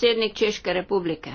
predsednik češke republike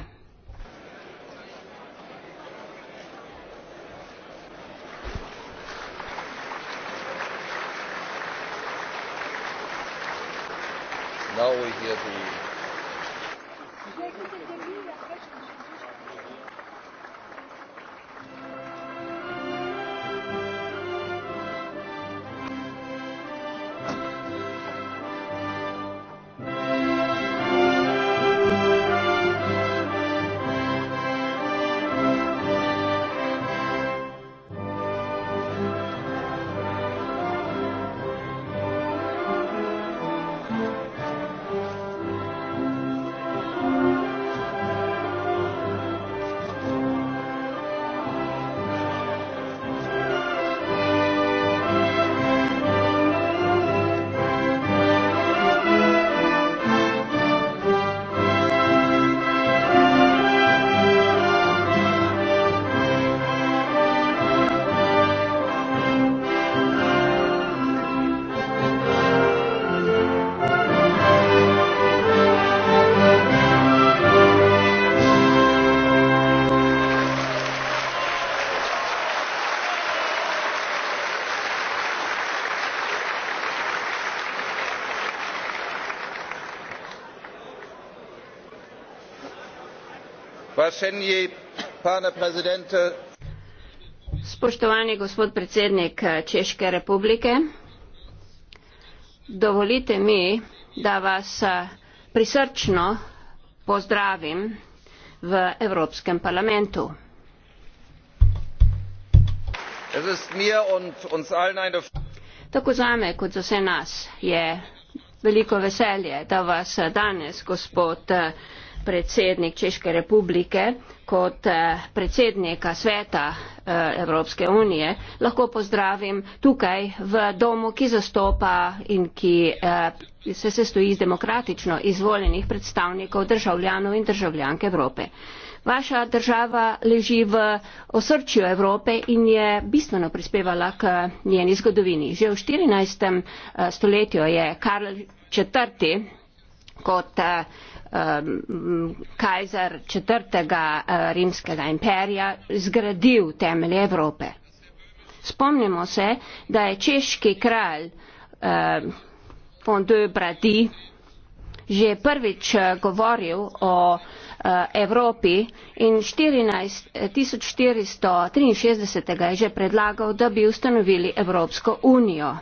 spoštovani gospod predsednik eh, češke republike dovolite mi da vas eh, prisrčno pozdravim v evropskem parlamentu tako zame kot za vse nas je veliko veselje da vas eh, danes gospod predsednik Češke republike kot eh, predsednika sveta eh, Evropske unije lahko pozdravim tukaj v domu, ki zastopa in ki eh, se sestoji iz demokratično izvoljenih predstavnikov državljanov in državljank Evrope. Vaša država leži v osrčju Evrope in je bistveno prispevala k njeni zgodovini. Že v 14. stoletju je Karl IV kot eh, kajzer četrtega eh, rimskega imperija zgradil temelje Evrope. Spomnimo se, da je češki kralj Fondue Bradi že prvič eh, govoril o Evropi in 14, 1463. je že predlagal, da bi ustanovili Evropsko unijo.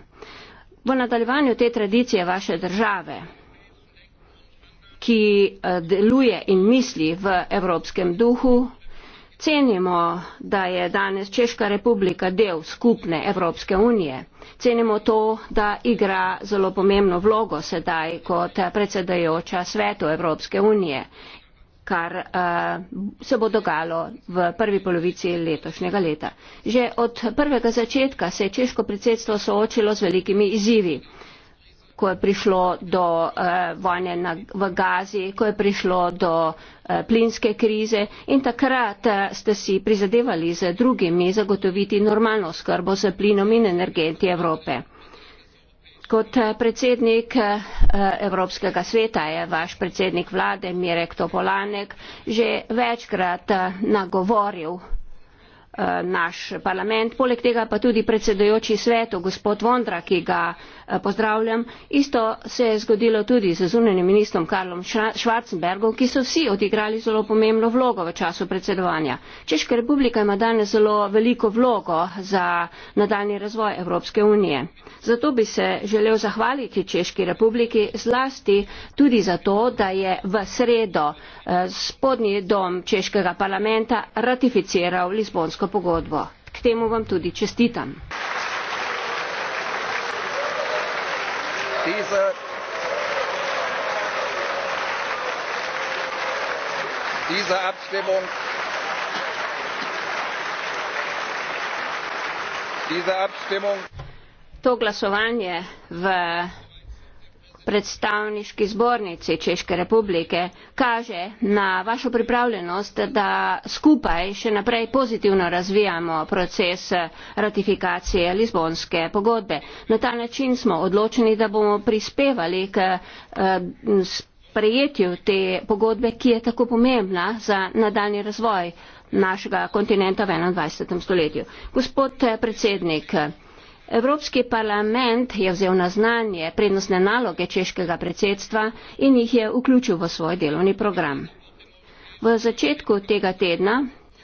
V nadaljevanju te tradicije vaše države ki eh, deluje in misli v evropskem duhu. Cenimo, da je danes Češka republika del skupne Evropske unije. Cenimo to, da igra zelo pomembno vlogo sedaj kot predsedajoča svetu Evropske unije, kar uh, se bo dogalo v prvi polovici letošnjega leta. Že od prvega začetka se je Češko predsedstvo soočilo z velikimi izzivi. Uh, ko je prišlo do uh, vojne na, v Gazi, ko je prišlo do uh, plinske krize in takrat uh, ste si prizadevali z drugimi zagotoviti normalno skrbo z plinom in energenti Evrope. Kot predsednik Evropskega sveta je vaš predsednik vlade Mirek Topolanek že večkrat nagovoril Eh, naš parlament poleg tega pa tudi predsedujoči svetu gospod vondra ki ga eh, pozdravljam isto se je zgodilo tudi z zunanjim ministrom karlom schwarzenbergom ki so vsi odigrali zelo pomembno vlogo v času predsedovanja češka republika ima danes zelo veliko vlogo za nadaljni razvoj evropske unije zato bi se želel zahvaliti češki republiki zlasti tudi zato da je v sredo eh, spodnji dom češkega parlamenta ratificiral lizbonsko partnersko pogodbo. K temu vam tudi čestitam. Diese, diese Abstimmung, diese Abstimmung. To glasovanje v predstavniški zbornici Češke republike kaže na vašo pripravljenost, da skupaj še naprej pozitivno razvijamo proces ratifikacije Lizbonske pogodbe. Na ta način smo odločeni, da bomo prispevali k eh, sprejetju te pogodbe, ki je tako pomembna za nadaljni razvoj našega kontinenta v 21. stoletju. Gospod eh, predsednik, Evropski parlament je vzel na znanje prednostne naloge češkega predsedstva in jih je vključil v svoj delovni program. V začetku tega tedna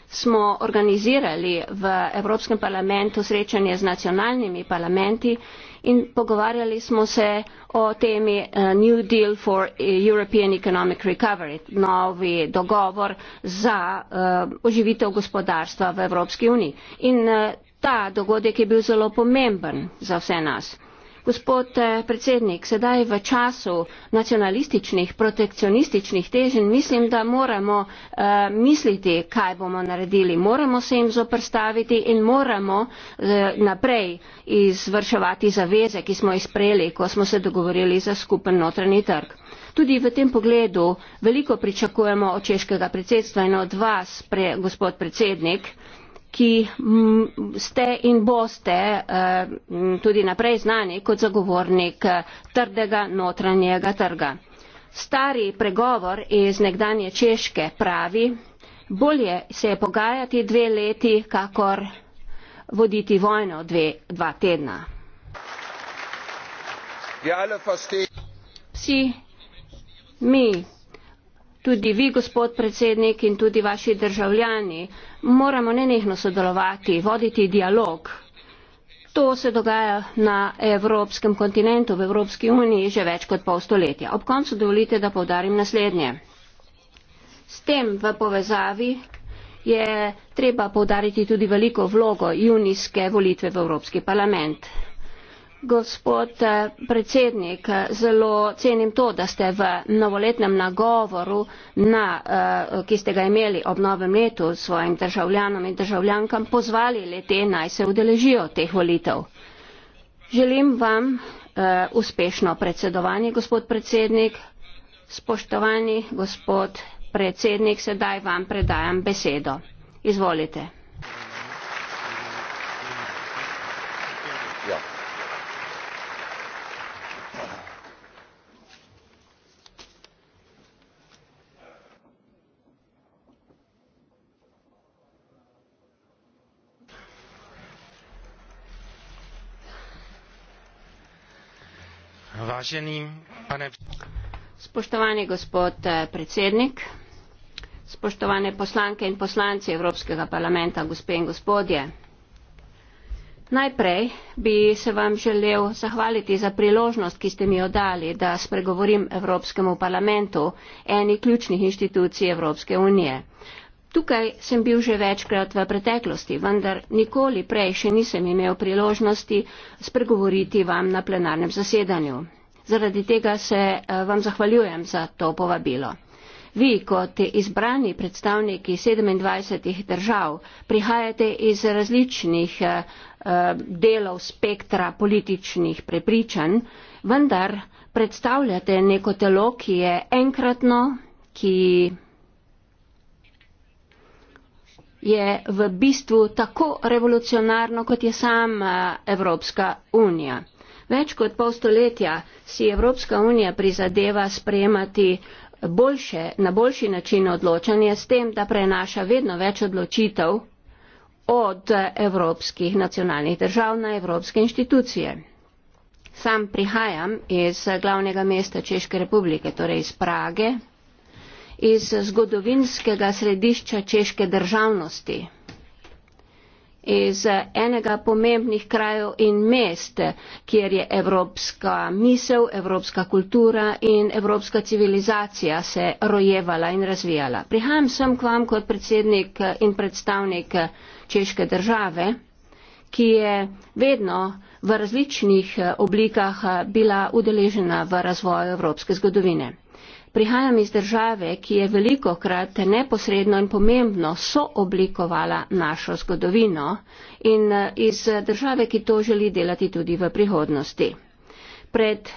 smo organizirali v Evropskem parlamentu srečanje z nacionalnimi parlamenti in pogovarjali smo se o temi eh, New Deal for European Economic Recovery, novi dogovor za uh, oživitev gospodarstva v Evropski uniji. In uh, ta dogodek je bil zelo pomemben za vse nas. Gospod eh, predsednik, sedaj v času nacionalističnih, protekcionističnih teženj mislim, da moramo uh, misliti, kaj bomo naredili. Moramo se jim zoprstaviti in moramo uh, naprej izvrševati zaveze, ki smo jih sprejeli, ko smo se dogovorili za skupen notranji trg. Tudi v tem pogledu veliko pričakujemo od češkega predsedstva in od vas, pre, gospod predsednik. Uh, ki ste in boste eh, tudi naprej znani kot zagovornik eh, trdega notranjega trga. Stari pregovor iz nekdanje Češke pravi, bolje se je pogajati dve leti, kakor voditi vojno dve, dva tedna. Ja, Vsi mi tudi vi gospod predsednik in tudi vaši državljani moramo nenehno sodelovati, voditi dialog. To se dogaja na evropskem kontinentu, v Evropski uniji že več kot pol stoletja. Ob koncu dovolite, da povdarim naslednje. S tem v povezavi je treba povdariti tudi veliko vlogo junijske volitve v Evropski parlament. Gospod eh, predsednik, eh, zelo cenim to, da ste v novoletnem nagovoru, na, eh, ki ste ga imeli ob novem letu svojim državljanom in državljankam, pozvali lete naj se udeležijo teh volitev. Želim vam uspešno predsedovanje, gospod predsednik. Spoštovani gospod predsednik, sedaj vam predajam besedo. Izvolite. spoštovani gospod eh, predsednik spoštovane poslanke in poslanci evropskega parlamenta gospe in gospodje najprej bi se vam želel zahvaliti za priložnost ki ste mi jo dali da spregovorim evropskemu parlamentu eni ključnih inštitucij evropske unije Tukaj sem bil že večkrat v preteklosti, vendar nikoli prej še nisem imel priložnosti spregovoriti vam na plenarnem zasedanju. Zaradi tega se eh, vam zahvaljujem za to povabilo. Vi kot izbrani predstavniki 27 držav prihajate iz različnih eh, eh, delov spektra političnih prepričanj, vendar predstavljate neko telo, ki je enkratno, ki je v bistvu tako revolucionarno, kot je sama Evropska unija. Več kot pol stoletja si Evropska unija prizadeva sprejemati boljše, na boljši način odločanje s tem, da prenaša vedno več odločitev od evropskih nacionalnih držav na evropske inštitucije. Sam prihajam iz glavnega mesta Češke republike, torej iz Prage, iz zgodovinskega središča Češke državnosti iz enega pomembnih krajev in mest, kjer je evropska misel, evropska kultura in evropska civilizacija se rojevala in razvijala. Prihajam sem k vam kot predsednik in predstavnik Češke države, ki je vedno v različnih oblikah bila udeležena v razvoju evropske zgodovine prihajam iz države, ki je veliko krat neposredno in pomembno sooblikovala našo zgodovino in eh, iz države, ki to želi delati tudi v prihodnosti. Pred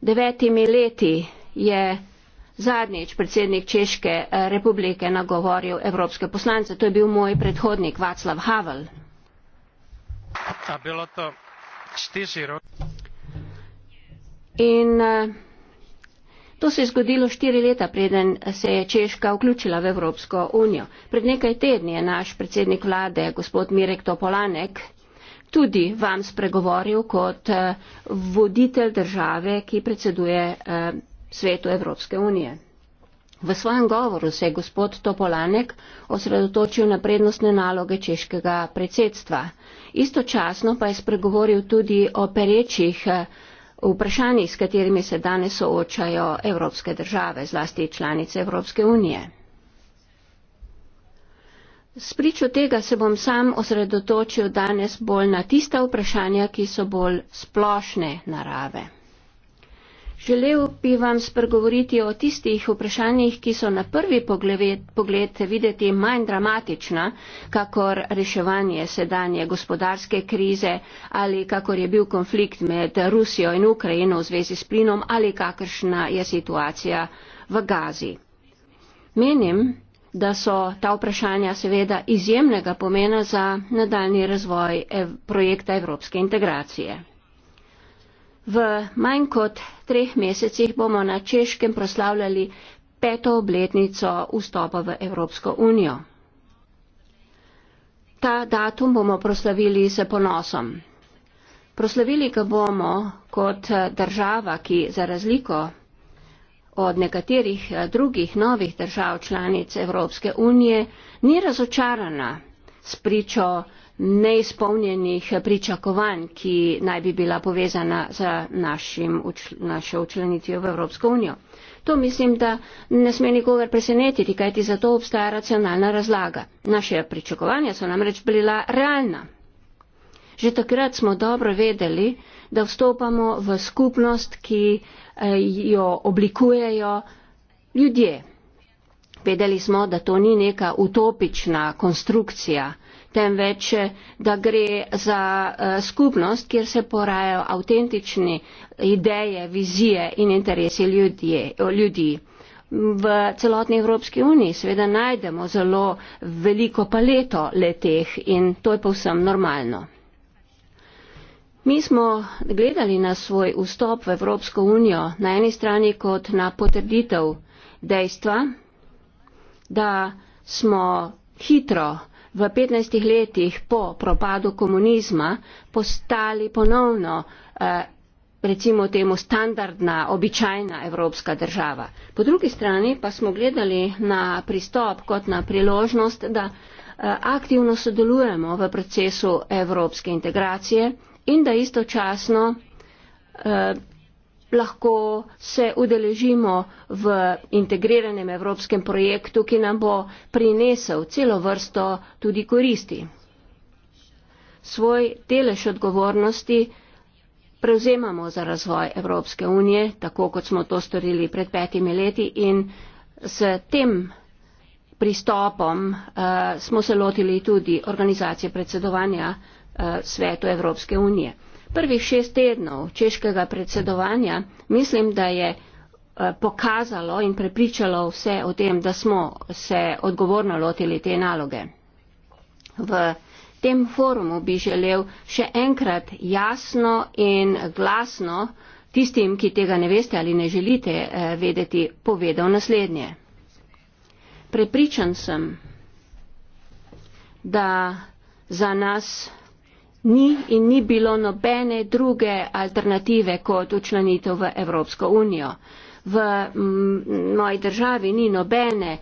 devetimi leti je zadnjič predsednik Češke eh, republike nagovoril evropske poslance, to je bil moj predhodnik Václav Havel. In uh, To se je zgodilo štiri leta, preden se je Češka vključila v Evropsko unijo. Pred nekaj tedni je naš predsednik vlade, gospod Mirek Topolanek, tudi vam spregovoril kot eh, voditelj države, ki predseduje eh, svetu Evropske unije. V svojem govoru se je gospod Topolanek osredotočil na prednostne naloge češkega predsedstva. Istočasno pa je spregovoril tudi o perečih eh, vprašanji, s katerimi se danes soočajo evropske države, zlasti članice Evropske unije. Spričo tega se bom sam osredotočil danes bolj na tista vprašanja, ki so bolj splošne narave. Želel bi vam spregovoriti o tistih vprašanjih, ki so na prvi pogled, pogled videti manj dramatična, kakor reševanje sedanje gospodarske krize ali kakor je bil konflikt med Rusijo in Ukrajino v zvezi s plinom ali kakršna je situacija v Gazi. Menim, da so ta vprašanja seveda izjemnega pomena za nadaljni razvoj ev projekta evropske integracije. V manj kot treh mesecih bomo na Češkem proslavljali peto obletnico vstopa v Evropsko unijo. Ta datum bomo proslavili s ponosom. Proslavili ga bomo kot država, ki za razliko od nekaterih drugih novih držav članic Evropske unije ni razočarana s pričo neizpolnjenih pričakovanj, ki naj bi bila povezana z našim, našo učlenitvijo v Evropsko unijo. To mislim, da ne sme nikogar presenetiti, kajti za to obstaja racionalna razlaga. Naše pričakovanja so namreč bila realna. Že takrat smo dobro vedeli, da vstopamo v skupnost, ki eh, jo oblikujejo ljudje. Vedeli smo, da to ni neka utopična konstrukcija, temveč eh, da gre za eh, skupnost, kjer se porajajo avtentični ideje, vizije in interesi ljudje, ljudi. V celotni Evropski uniji seveda najdemo zelo veliko paleto leteh in to je povsem normalno. Mi smo gledali na svoj vstop v Evropsko unijo na eni strani kot na potrditev dejstva, da smo hitro v 15 letih po propadu komunizma postali ponovno, eh, recimo temu, standardna, običajna evropska država. Po drugi strani pa smo gledali na pristop kot na priložnost, da eh, aktivno sodelujemo v procesu evropske integracije in da istočasno eh, lahko se udeležimo v integriranem evropskem projektu, ki nam bo prinesel celo vrsto tudi koristi. Svoj delež odgovornosti prevzemamo za razvoj Evropske unije, tako kot smo to storili pred petimi leti in s tem pristopom uh, smo se lotili tudi organizacije predsedovanja uh, svetu Evropske unije prvih šest tednov češkega predsedovanja mislim, da je eh, pokazalo in prepričalo vse o tem, da smo se odgovorno lotili te naloge. V tem forumu bi želel še enkrat jasno in glasno tistim, ki tega ne veste ali ne želite eh, vedeti, povedal naslednje. Prepričan sem, da za nas ni in ni bilo nobene druge alternative kot učlanitev v Evropsko unijo. V moji državi ni nobene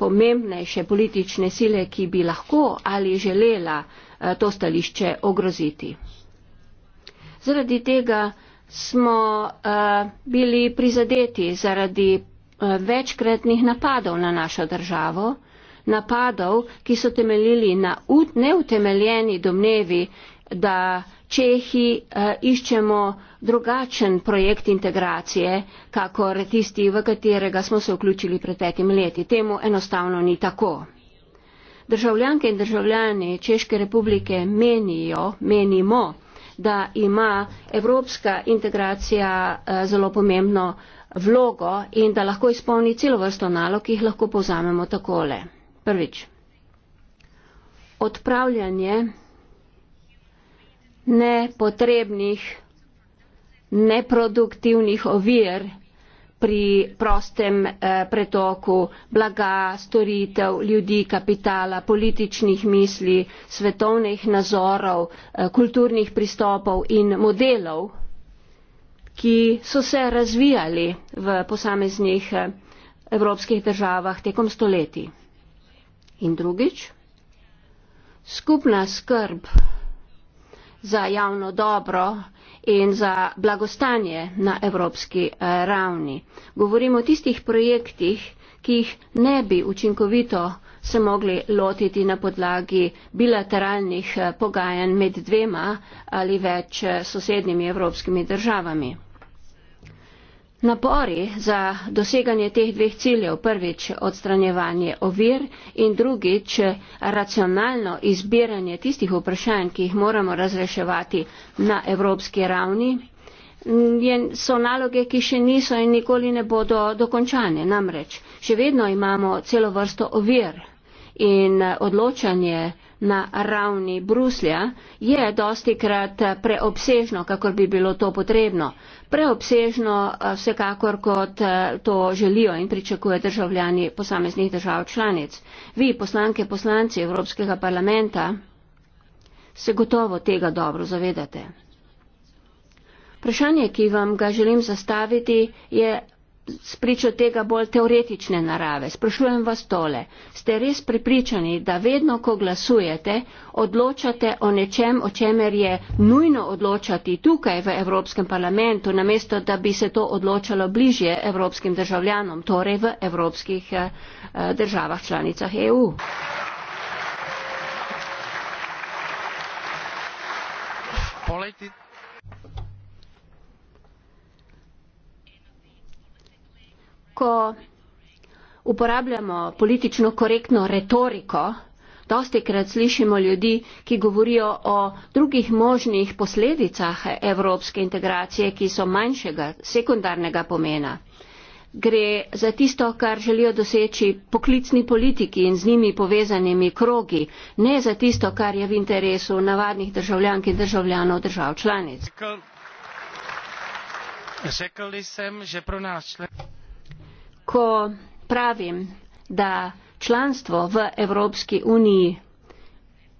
pomembnejše politične sile, ki bi lahko ali želela eh, to stališče ogroziti. Zaradi tega smo uh, bili prizadeti zaradi uh, večkratnih napadov na našo državo, napadov, ki so temeljili na neutemeljeni domnevi, da Čehi uh, iščemo drugačen projekt integracije, kakor tisti, v katerega smo se vključili pred petim leti. Temu enostavno ni tako. Državljanke in državljani Češke republike menijo, menimo, da ima evropska integracija eh, zelo pomembno vlogo in da lahko izpolni celo vrsto nalog, ki jih lahko povzamemo takole. Prvič. Odpravljanje nepotrebnih, neproduktivnih ovir pri prostem eh, pretoku blaga, storitev, ljudi, kapitala, političnih misli, svetovnih nazorov, eh, kulturnih pristopov in modelov, ki so se razvijali v posameznih eh, evropskih državah tekom stoletij. In drugič, skupna skrb za javno dobro in za blagostanje na evropski eh, ravni. Govorimo o tistih projektih, ki jih ne bi učinkovito se mogli lotiti na podlagi bilateralnih eh, pogajanj med dvema ali več eh, sosednjimi evropskimi državami. Napori za doseganje teh dveh ciljev, prvič odstranjevanje ovir in drugič racionalno izbiranje tistih vprašanj, ki jih moramo razreševati na evropski ravni, so naloge, ki še niso in nikoli ne bodo dokončane. Namreč, še vedno imamo celo vrsto ovir in odločanje na ravni Bruslja, je dosti krat preobsežno, kakor bi bilo to potrebno. Preobsežno eh, vsekakor, kot eh, to želijo in pričakuje državljani posameznih držav članic. Vi, poslanke, poslanci Evropskega parlamenta, se gotovo tega dobro zavedate. Vprašanje, ki vam ga želim zastaviti, je spričo tega bolj teoretične narave. Sprašujem vas tole, ste res pripričani, da vedno, ko glasujete, odločate o nečem, o čemer je nujno odločati tukaj v Evropskem parlamentu, namesto da bi se to odločalo bližje evropskim državljanom, torej v evropskih eh, eh državah članicah EU? Politi lahko uporabljamo politično korektno retoriko, dosti krat slišimo ljudi, ki govorijo o drugih možnih posledicah evropske integracije, ki so manjšega, sekundarnega pomena. Gre za tisto, kar želijo doseči poklicni politiki in z njimi povezanimi krogi, ne za tisto, kar je v interesu navadnih državljank in državljanov držav članic. Rekli sem, že pro nas ko pravim, da članstvo v Evropski uniji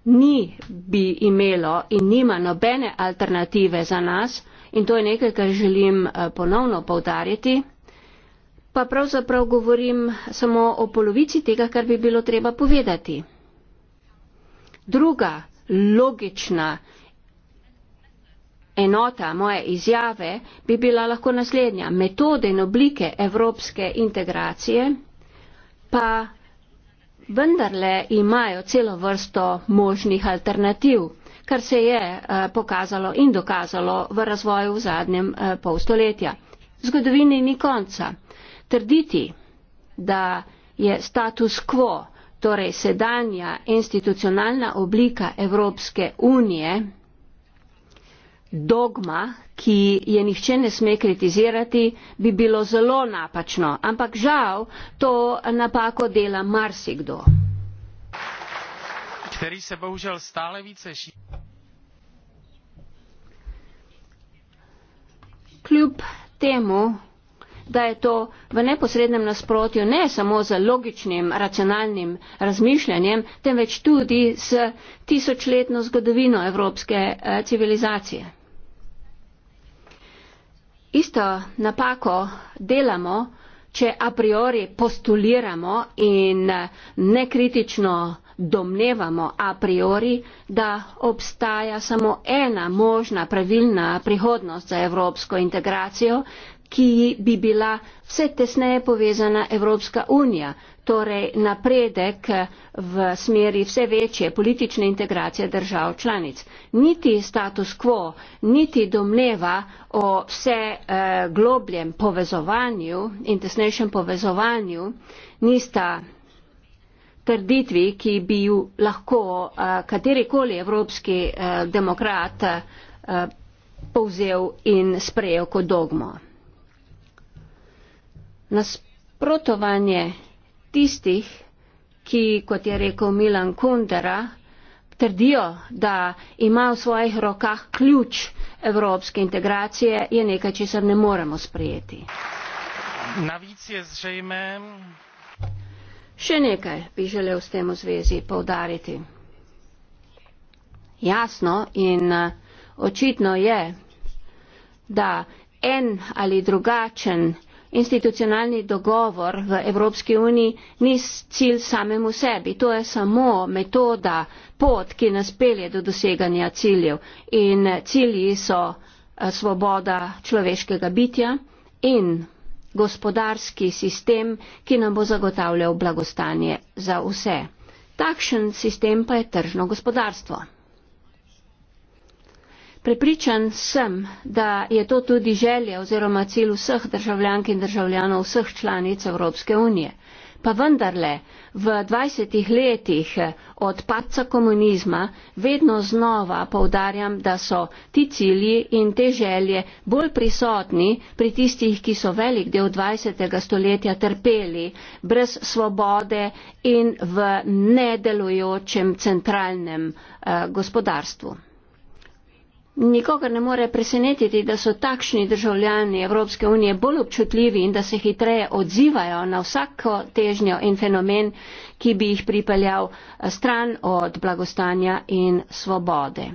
ni bi imelo in nima nobene alternative za nas in to je nekaj, kar želim eh, ponovno povdariti, pa pravzaprav govorim samo o polovici tega, kar bi bilo treba povedati. Druga logična enota moje izjave bi bila lahko naslednja. Metode in oblike evropske integracije pa vendarle imajo celo vrsto možnih alternativ, kar se je eh, pokazalo in dokazalo v razvoju v zadnjem eh, polstoletja. Zgodovini ni konca. Trditi, da je status quo, torej sedanja institucionalna oblika Evropske unije, dogma, ki je nihče ne sme kritizirati, bi bilo zelo napačno. Ampak žal to napako dela marsikdo. Který se bohužel stále více šíří. Kljub temu, da je to v neposrednem nasprotju ne samo z logičnim, racionalnim razmišljanjem, temveč tudi s tisočletno zgodovino evropske eh, civilizacije isto napako delamo, če a priori postuliramo in nekritično domnevamo a priori, da obstaja samo ena možna pravilna prihodnost za evropsko integracijo, ki bi bila vse tesneje povezana Evropska unija torej napredek v smeri vse večje politične integracije držav članic. Niti status quo, niti domneva o vse eh, globljem povezovanju in tesnejšem povezovanju nista trditvi, ki bi ju lahko eh, katerikoli evropski eh, demokrat eh, povzel in sprejel kot dogmo. Nasprotovanje tistih, ki, kot je rekel Milan Kundera, trdijo, da ima v svojih rokah ključ evropske integracije, je nekaj, česar ne moremo sprejeti. Navic je zrejme. Še nekaj bi želel s tem v zvezi povdariti. Jasno in očitno je, da en ali drugačen institucionalni dogovor v Evropski uniji ni cilj samemu sebi. To je samo metoda, pot, ki nas pelje do doseganja ciljev. In cilji so eh, svoboda človeškega bitja in gospodarski sistem, ki nam bo zagotavljal blagostanje za vse. Takšen sistem pa je tržno gospodarstvo. Prepričan sem, da je to tudi želja oziroma cilj vseh državljank in državljanov vseh članic Evropske unije. Pa vendarle, v 20 letih od padca komunizma vedno znova povdarjam, da so ti cilji in te želje bolj prisotni pri tistih, ki so velik del 20. stoletja trpeli brez svobode in v nedelujočem centralnem eh, gospodarstvu. Nikogar ne more presenetiti, da so takšni državljani Evropske unije bolj občutljivi in da se hitreje odzivajo na vsako težnjo in fenomen, ki bi jih pripeljal eh, stran od blagostanja in svobode.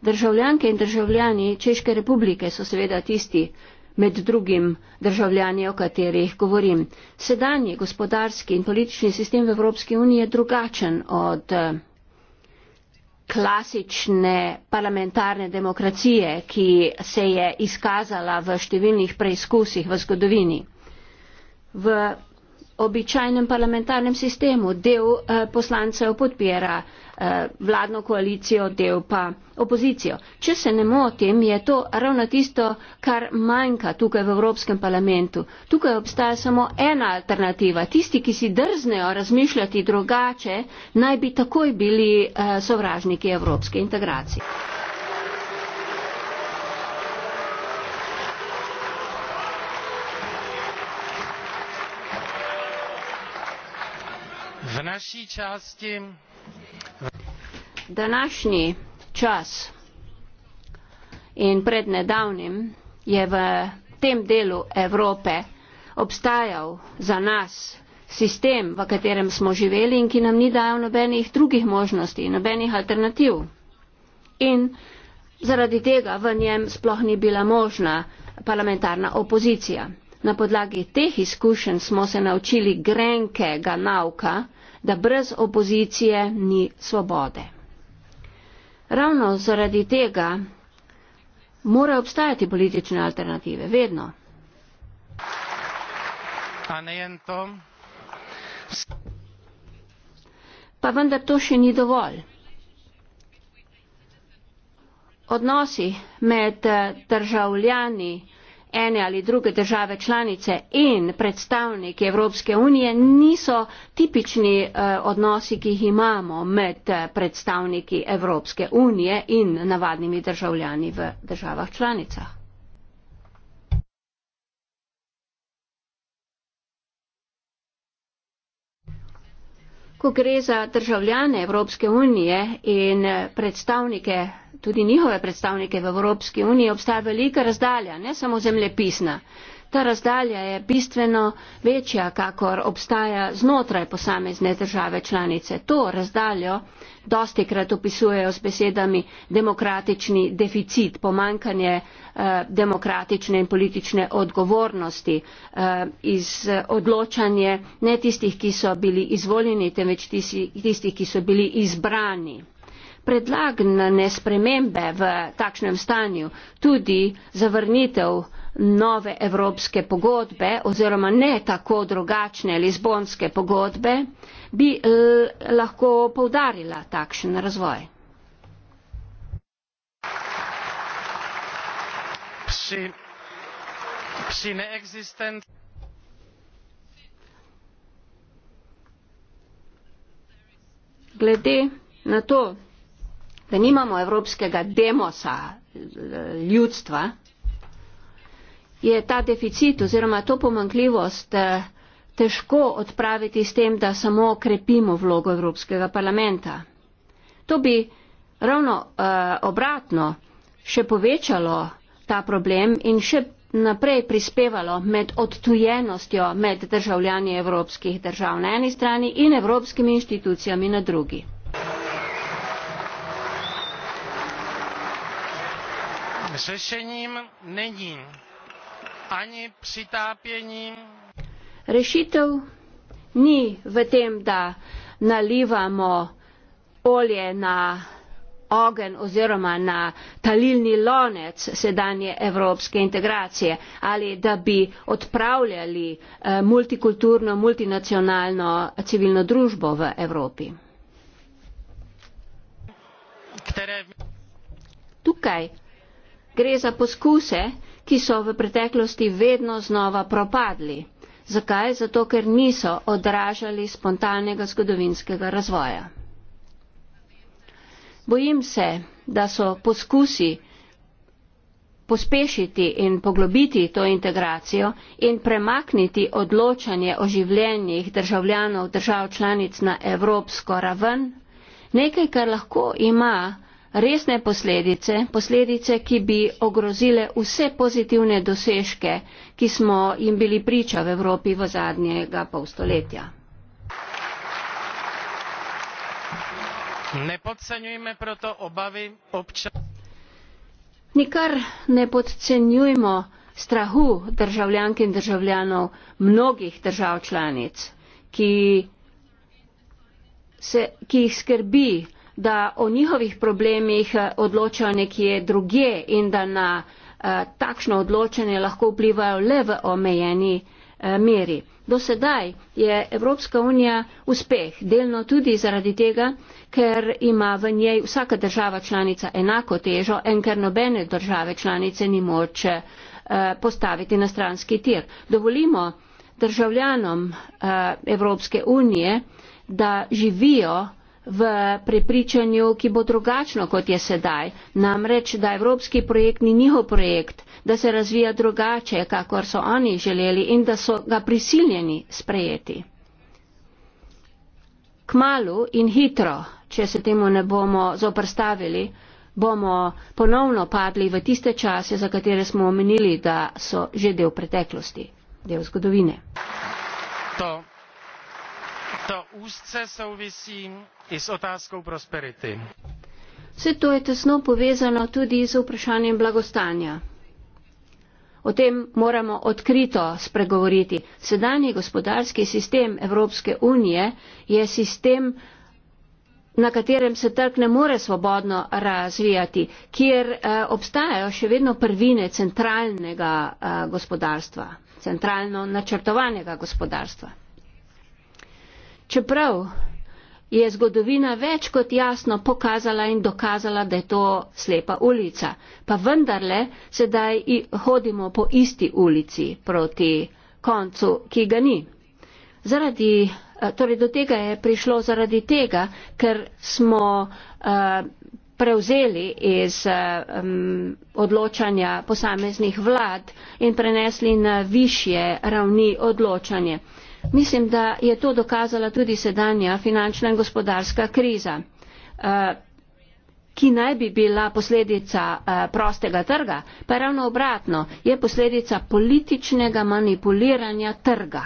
Državljanke in državljani Češke republike so seveda tisti, med drugim državljani, o katerih govorim. Sedanji gospodarski in politični sistem v Evropski uniji je drugačen od. Eh, klasične parlamentarne demokracije, ki se je izkazala v številnih preizkusih v zgodovini. V običajnem parlamentarnem sistemu. Del eh, poslancev podpira eh, vladno koalicijo, del pa opozicijo. Če se ne motim, je to ravno tisto, kar manjka tukaj v Evropskem parlamentu. Tukaj obstaja samo ena alternativa. Tisti, ki si drznejo razmišljati drugače, naj bi takoj bili eh, sovražniki evropske integracije. današnji čas in pred nedavnim je v tem delu Evrope obstajal za nas sistem, v katerem smo živeli in ki nam ni dajal nobenih drugih možnosti, nobenih alternativ. In zaradi tega v njem sploh ni bila možna parlamentarna opozicija. Na podlagi teh izkušenj smo se naučili grenkega nauka, da brez opozicije ni svobode. Ravno zaradi tega mora obstajati politične alternative, vedno. Pa vendar to še ni dovolj. Odnosi med eh, državljani, ene ali druge države članice in predstavniki Evropske unije niso tipični eh, odnosi, ki jih imamo med eh, predstavniki Evropske unije in navadnimi državljani v državah članicah. Ko gre za državljane Evropske unije in eh, predstavnike tudi njihove predstavnike v Evropski uniji, obstaja velika razdalja, ne samo zemljepisna. Ta razdalja je bistveno večja, kakor obstaja znotraj posamezne države članice. To razdaljo dosti krat opisujejo s besedami demokratični deficit, pomankanje eh, demokratične in politične odgovornosti, eh, iz eh, odločanje ne tistih, ki so bili izvoljeni, temveč tistih, ki so bili izbrani predlagane spremembe v takšnem stanju, tudi zavrnitev nove evropske pogodbe oziroma ne tako drugačne lizbonske pogodbe, bi eh, lahko povdarila takšen razvoj. Psi. Psi Glede na to, da nimamo evropskega demosa ljudstva, je ta deficit oziroma to pomankljivost eh, težko odpraviti s tem, da samo okrepimo vlogo Evropskega parlamenta. To bi ravno uh, obratno še povečalo ta problem in še naprej prispevalo med odtujenostjo med državljani evropskih držav na eni strani in evropskimi inštitucijami na drugi. řešením není ani přitápění. Rešitev ni v tem, da nalivamo olje na ogen oziroma na talilni lonec sedanje evropske integracije ali da bi odpravljali eh, multikulturno, multinacionalno civilno družbo v Evropi. Tukaj Gre za poskuse, ki so v preteklosti vedno znova propadli. Zakaj? Zato, ker niso odražali spontanega zgodovinskega razvoja. Bojim se, da so poskusi pospešiti in poglobiti to integracijo in premakniti odločanje o življenjih državljanov držav članic na evropsko raven, nekaj, kar lahko ima resne posledice, posledice, ki bi ogrozile vse pozitivne dosežke, ki smo jim bili priča v Evropi v zadnjega pol stoletja. Ne podcenjujme proto obavi občan. Nikar ne podcenjujmo strahu državljank in državljanov mnogih držav članic, ki, se, ki jih skrbi da o njihovih problemih eh, odločajo nekje druge in da na eh, takšno odločanje lahko vplivajo le v omejeni eh, meri. Do sedaj je Evropska unija uspeh, delno tudi zaradi tega, ker ima v njej vsaka država članica enako težo in ker nobene države članice ni moč postaviti na stranski tir. Dovolimo državljanom Evropske unije, da živijo v prepričanju, ki bo drugačno, kot je sedaj. Namreč, da evropski projekt ni njihov projekt, da se razvija drugače, kakor so oni želeli in da so ga prisiljeni sprejeti. Kmalu in hitro, če se temu ne bomo zoprstavili, bomo ponovno padli v tiste čase, za katere smo omenili, da so že del preteklosti, del zgodovine. 到。To úzce souvisí i s otázkou prosperity. Vse to je tesno povezano tudi z vprašanjem blagostanja. O tem moramo odkrito spregovoriti. Sedanji gospodarski sistem Evropske unije je sistem, na katerem se trg ne more svobodno razvijati, kjer eh, obstajajo še vedno prvine centralnega eh, gospodarstva, centralno načrtovanega gospodarstva čeprav je zgodovina več kot jasno pokazala in dokazala, da je to slepa ulica. Pa vendarle sedaj hodimo po isti ulici proti koncu, ki ga ni. Zaradi, eh, torej do tega je prišlo zaradi tega, ker smo uh, prevzeli iz um, odločanja posameznih vlad in prenesli na višje ravni odločanje. Uh, Mislim, da je to dokazala tudi sedanja finančna in gospodarska kriza, eh, ki naj bi bila posledica eh, prostega trga, pa ravno obratno je posledica političnega manipuliranja trga.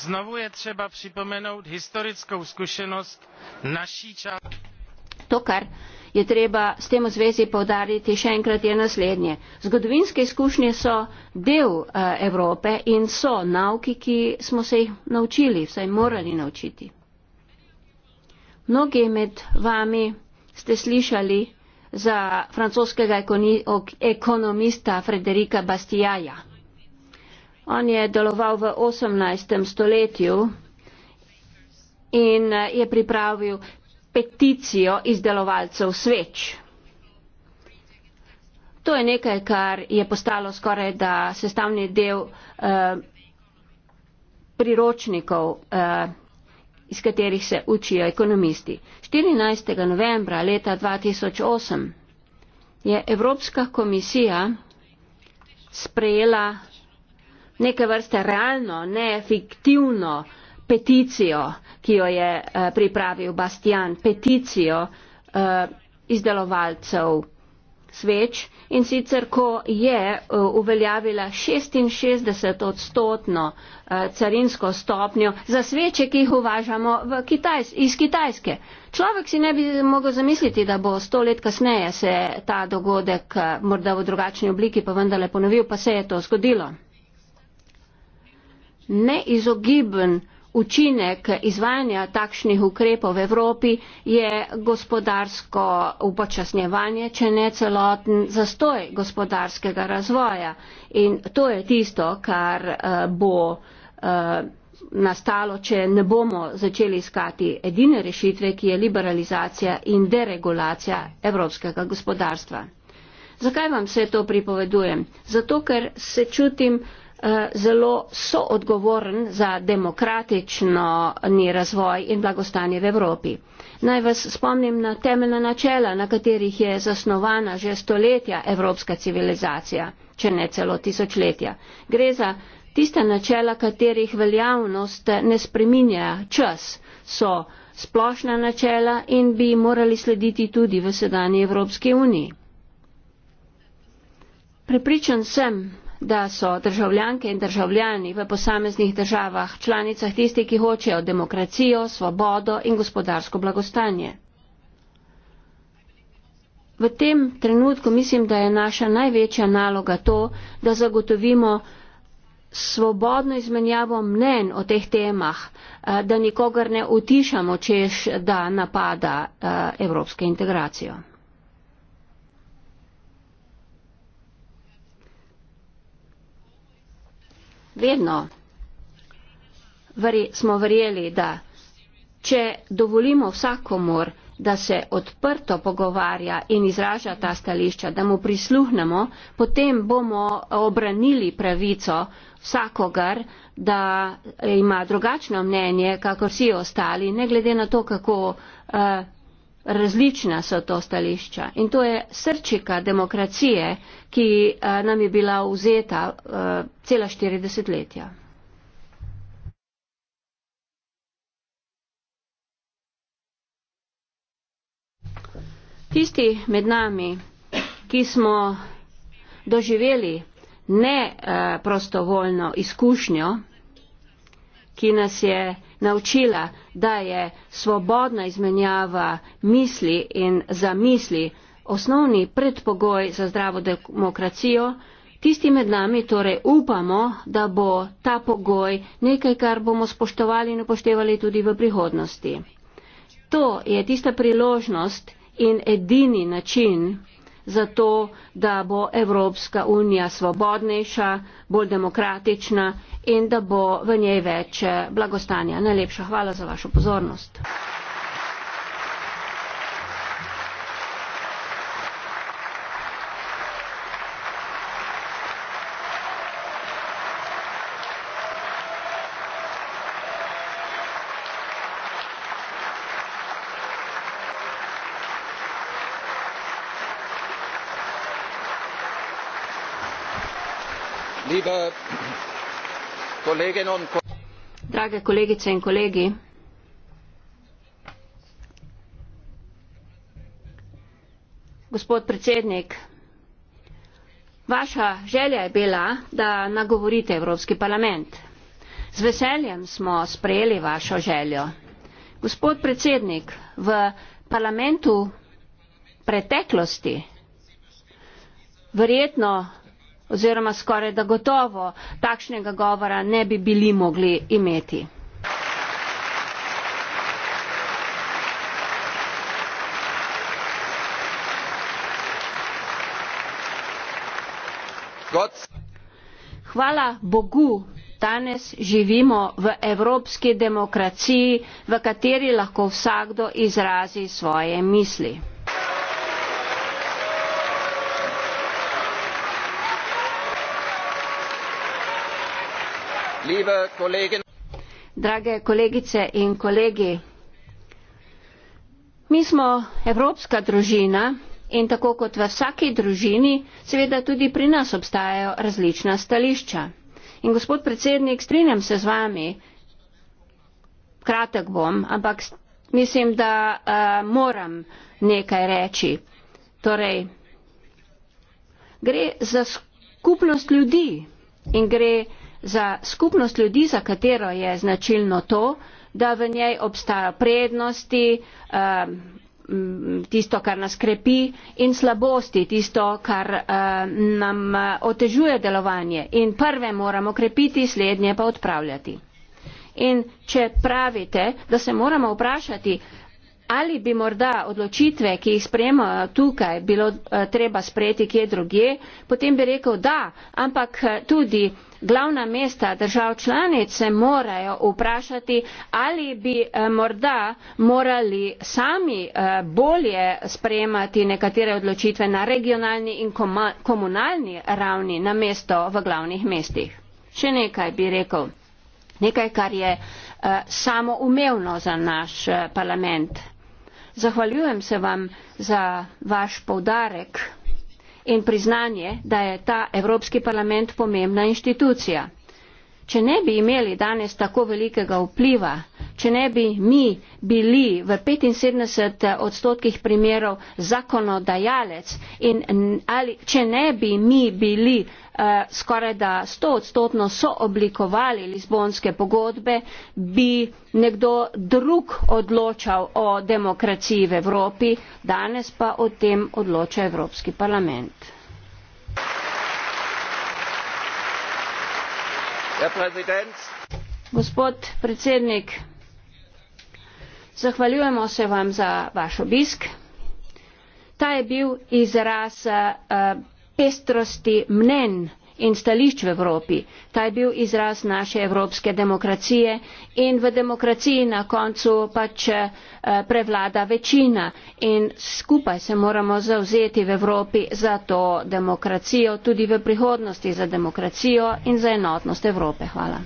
Znovu je treba pripomenuti historično izkušenost naši čas. To, kar uh, je treba s tem v zvezi povdariti še enkrat je naslednje. Zgodovinske izkušnje so del eh, Evrope in so nauki, ki smo se jih naučili, vsaj morali naučiti. Mnogi med vami ste slišali za francoskega ekonomista Frederika Bastiaja. On je deloval v 18. stoletju in eh, je pripravil peticijo izdelovalcev sveč. To je nekaj, kar je postalo skoraj da sestavni del eh, priročnikov, eh, iz katerih se učijo ekonomisti. 14. novembra leta 2008 je Evropska komisija sprejela neke vrste realno, ne fiktivno eh, peticijo, ki jo je eh, pripravil Bastian, peticijo eh, izdelovalcev sveč in sicer, ko je eh, uveljavila 66 odstotno carinsko stopnjo za sveče, ki jih uvažamo Kitajs iz Kitajske. Človek si ne bi mogel zamisliti, da bo sto let kasneje se ta dogodek morda v drugačni obliki pa vendarle ponovil, pa se je to zgodilo. Neizogiben učinek izvajanja takšnih ukrepov v Evropi je gospodarsko upočasnjevanje, če ne celoten zastoj gospodarskega razvoja. In to je tisto, kar eh, bo eh, nastalo, če ne bomo začeli iskati edine rešitve, ki je liberalizacija in deregulacija evropskega gospodarstva. Zakaj vam vse to pripovedujem? Zato, ker se čutim, Eh, zelo soodgovoren za demokratični razvoj in blagostanje v Evropi. Naj vas spomnim na temeljna načela, na katerih je zasnovana že stoletja evropska civilizacija, če ne celo tisočletja. Gre za tiste načela, katerih veljavnost ne spreminja čas, so splošna načela in bi morali slediti tudi v sedanji Evropski uniji. Prepričan sem, da so državljanke in državljani v posameznih državah članicah tisti, ki hočejo demokracijo, svobodo in gospodarsko blagostanje. V tem trenutku mislim, da je naša največja naloga to, da zagotovimo svobodno izmenjavo mnen o teh temah, eh, da nikogar ne utišamo, češ da napada eh, evropske integracijo. vedno Vri, smo verjeli, da če dovolimo vsakomor, da se odprto pogovarja in izraža ta stališča, da mu prisluhnemo, potem bomo obranili pravico vsakogar, da ima drugačno mnenje, kako vsi ostali, ne glede na to, kako uh, Različna so to stališča in to je srčika demokracije, ki eh, nam je bila vzeta eh, cela 40 letja. Tisti med nami, ki smo doživeli ne eh, prostovoljno izkušnjo, ki nas je naučila, da je svobodna izmenjava misli in zamisli osnovni predpogoj za zdravo demokracijo, tisti med nami torej upamo, da bo ta pogoj nekaj, kar bomo spoštovali in upoštevali tudi v prihodnosti. To je tista priložnost in edini način, za to, da bo Evropska unija svobodnejša, bolj demokratična in da bo v njej več blagostanja. Najlepša hvala za vašo pozornost. drage kolegice in kolegi gospod predsednik vaša želja je bila da nagovorite evropski parlament z veseljem smo sprejeli vašo željo gospod predsednik v parlamentu preteklosti verjetno oziroma skoraj da gotovo takšnega govora ne bi bili mogli imeti. God. Hvala Bogu, danes živimo v evropski demokraciji, v kateri lahko vsakdo izrazi svoje misli. spoštljive kolege. Drage kolegice in kolegi, mi smo evropska družina in tako kot v vsaki družini, seveda tudi pri nas obstajajo različna stališča. In gospod predsednik, strinjam se z vami, kratek bom, ampak mislim, da uh, moram nekaj reči. Torej, gre za skupnost ljudi in gre za za skupnost ljudi, za katero je značilno to, da v njej obstajajo prednosti, ehm, tisto, kar nas krepi in slabosti, tisto, kar ehm, nam eh, otežuje delovanje. In prve moramo krepiti, slednje pa odpravljati. In če pravite, da se moramo vprašati, ali bi morda odločitve, ki jih sprejema eh, tukaj, bilo eh, treba sprejeti kje druge, potem bi rekel da, ampak eh, tudi glavna mesta držav članice morajo vprašati, ali bi morda morali sami bolje sprejemati nekatere odločitve na regionalni in komunalni ravni na mesto v glavnih mestih. Še nekaj bi rekel. Nekaj, kar je uh, samoumevno za naš uh, parlament. Zahvaljujem se vam za vaš povdarek in priznanje, da je ta Evropski parlament pomembna inštitucija. Če ne bi imeli danes tako velikega vpliva če ne bi mi bili v 75 odstotkih primerov zakonodajalec in ali, če ne bi mi bili uh, eh, skoraj da 100 odstotno sooblikovali Lizbonske pogodbe, bi nekdo drug odločal o demokraciji v Evropi, danes pa o tem odloča Evropski parlament. Gospod predsednik, Zahvaljujemo se vam za vaš obisk. Ta je bil izraz eh, pestrosti mnen in stališč v Evropi. Ta je bil izraz naše evropske demokracije in v demokraciji na koncu pač eh, prevlada večina in skupaj se moramo zauzeti v Evropi za to demokracijo, tudi v prihodnosti za demokracijo in za enotnost Evrope. Hvala.